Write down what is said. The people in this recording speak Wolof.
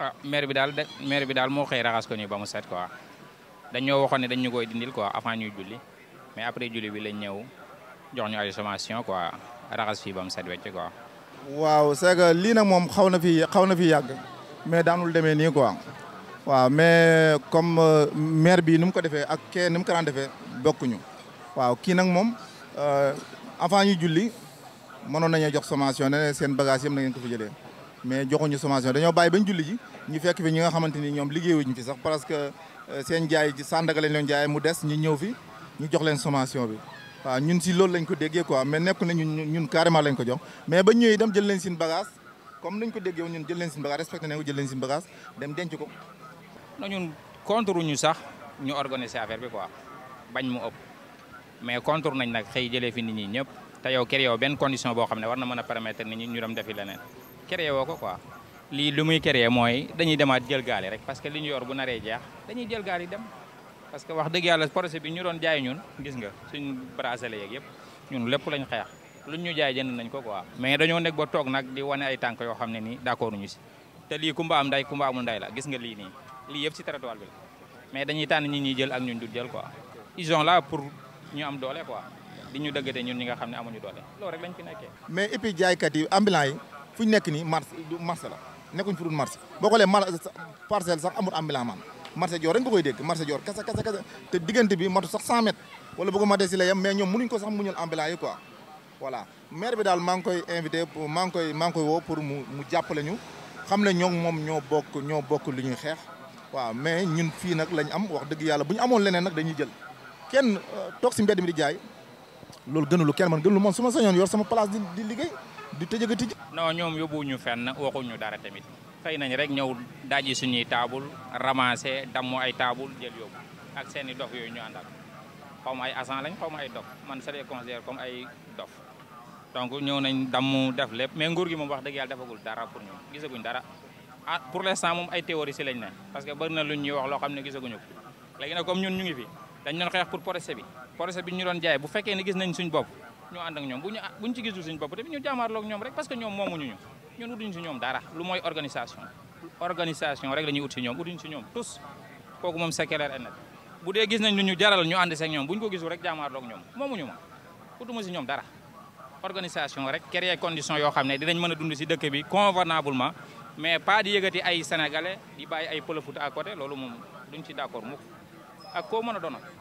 ah maire bi daal maire bi daal moo xëy raxas ko nii ba mu set quoi dañoo waxoon ne dañ ñu koy dindil quoi avant ñuy julli mais après julli bi lañ ñëw jox ñu ay sommation quoi raxas fii ba mu set wecc quoi. waaw c'est que lii nag moom xaw na fi xaw na fi yàgg mais daanul demee nii quoi waaw mais comme euh, maire bi ni mu ko defee ak kee ni mu ko daan defee bokkuñu waaw kii nag moom euh, avant ñuy julli mënoon nañoo jox sommation ne seen bagage yëpp na ngeen ko fi jëlee. mais joxuñu sommation dañoo bàyyi bañ julli ji ñu fekk fi ñi nga xamante ni ñoom liggéeyuñu fi sax parce que euh, seen jaay ci Sandaga lañ leen jaaye mu des ñu ñëw fi ñu jox leen sommation bi waaw ñun si loolu lañ ko déggee quoi mais nekk na ñun ñun carrément lañ ko jox mais ba ñëwee dem jël leen seen bagage comme nañ ko déggee ñun jël leen seen bagage respecté nañ ko jël leen seen bagage dem denc ko. na ñun contre ñu sax ñu organiser affaire bi quoi bañ mu ëpp mais contre nañ nag xëy jëlee fi nit ñi ñëpp te yow kër yow benn boo xam ne war na mën a permettre nit ñi ñu dem defi leneen. créé woo ko quoi li lu muy ya, créé moy dañuy demat jël gaal rek parce que li ñu yor bu naré jeex dañuy jël gaal dem parce que wax deug yalla projet bi ñu doon jaay ñun gis nga suñ bracelet yeeg yëpp ñun lepp lañ xex lu ñu jaay jënd nañ ko quoi mais dañu nek ba tok nak di wone ay tank yo xamné ni d'accord ñu si te lii kumba am nday kumba amul nday la gis nga li ni li yëpp ci territoire bi mais dañuy tànn ñi ñuy jël ak ñun du jël quoi ils ont là pour ñu am doolé quoi di ñu dëggate ñun ñi nga xamné amuñu doolé lool rek lañ fi nekké mais et jaay kat yi ambulant yi fu ñu nekk nii marché du marché la nekkuñ fu dul marché boo xoolee parcelle sax amul ambulant man marché joor rek nga koy dégg marché joor kasa kasa kasa te diggante bi matu sax 100 mètres wala bu ko matee si la mais ñoom mënuñ ko sax daal maa ngi koy invité maa ngi koy maa ngi koy woo pour mu mu jàppale ñu xam ne ñoo moom ñoo bokk ñoo bokk li ñuy xeex waaw mais ñun fii nag lañu am wax dëgg yàlla bu ñu amoon leneen nag dañuy jël kenn euh, toog si mbedd mi di jaay loolu gënalu kenn man gënalu man su ma sañoon yor sama place di di liggéey di tëjëg a tëj non ñoom yóbbuwuñu fenn waxuñu dara tamit xëy nañ rek ñëw daaji suñuy taabul ramasser damm ay taabul jël yóbbu ak seen i dof yooyu ñu àndal xaw ma ay agent lañ xaw ay dof man je les comme ay dof donc ñëw nañ damm def lépp mais nguur gi moom wax dëgg yàlla defagul dara pour ñu gisaguñ dara ah pour l'instant moom ay théorie si lañ ne parce que bëri na lu ñuy wax loo xam ne gisaguñu ko léegi nag comme ñun ñu ngi fi dañ doon xeex pour procès bi procès bi ñu doon jaay bu fekkee ne gis nañ suñ bopp ñu ànd ak ñoom bu ñu bu ñu ci gisul suñu bopp tamit ñu jaamaarloog ñoom rek parce que ñoom moomuñu ñu ñun utuñu si ñoom dara lu mooy organisation organisation rek la ñuy ut si ñoom utuñu si ñoom tous kooku moom c'est clair et net bu dee gis nañ lu ñu jaral ñu ànd seeg ñoom bu ñu ko gisul rek jaamaarloog ñoom moomuñu ma utuma si ñoom dara organisation rek créer condition yoo xam ne dinañ mën a dund si dëkk bi convenablement mais pas di yëgati ay sénégalais di bàyyi ay pëlëfut à côté loolu moom duñ ci d'accord mukk ak koo mën a doon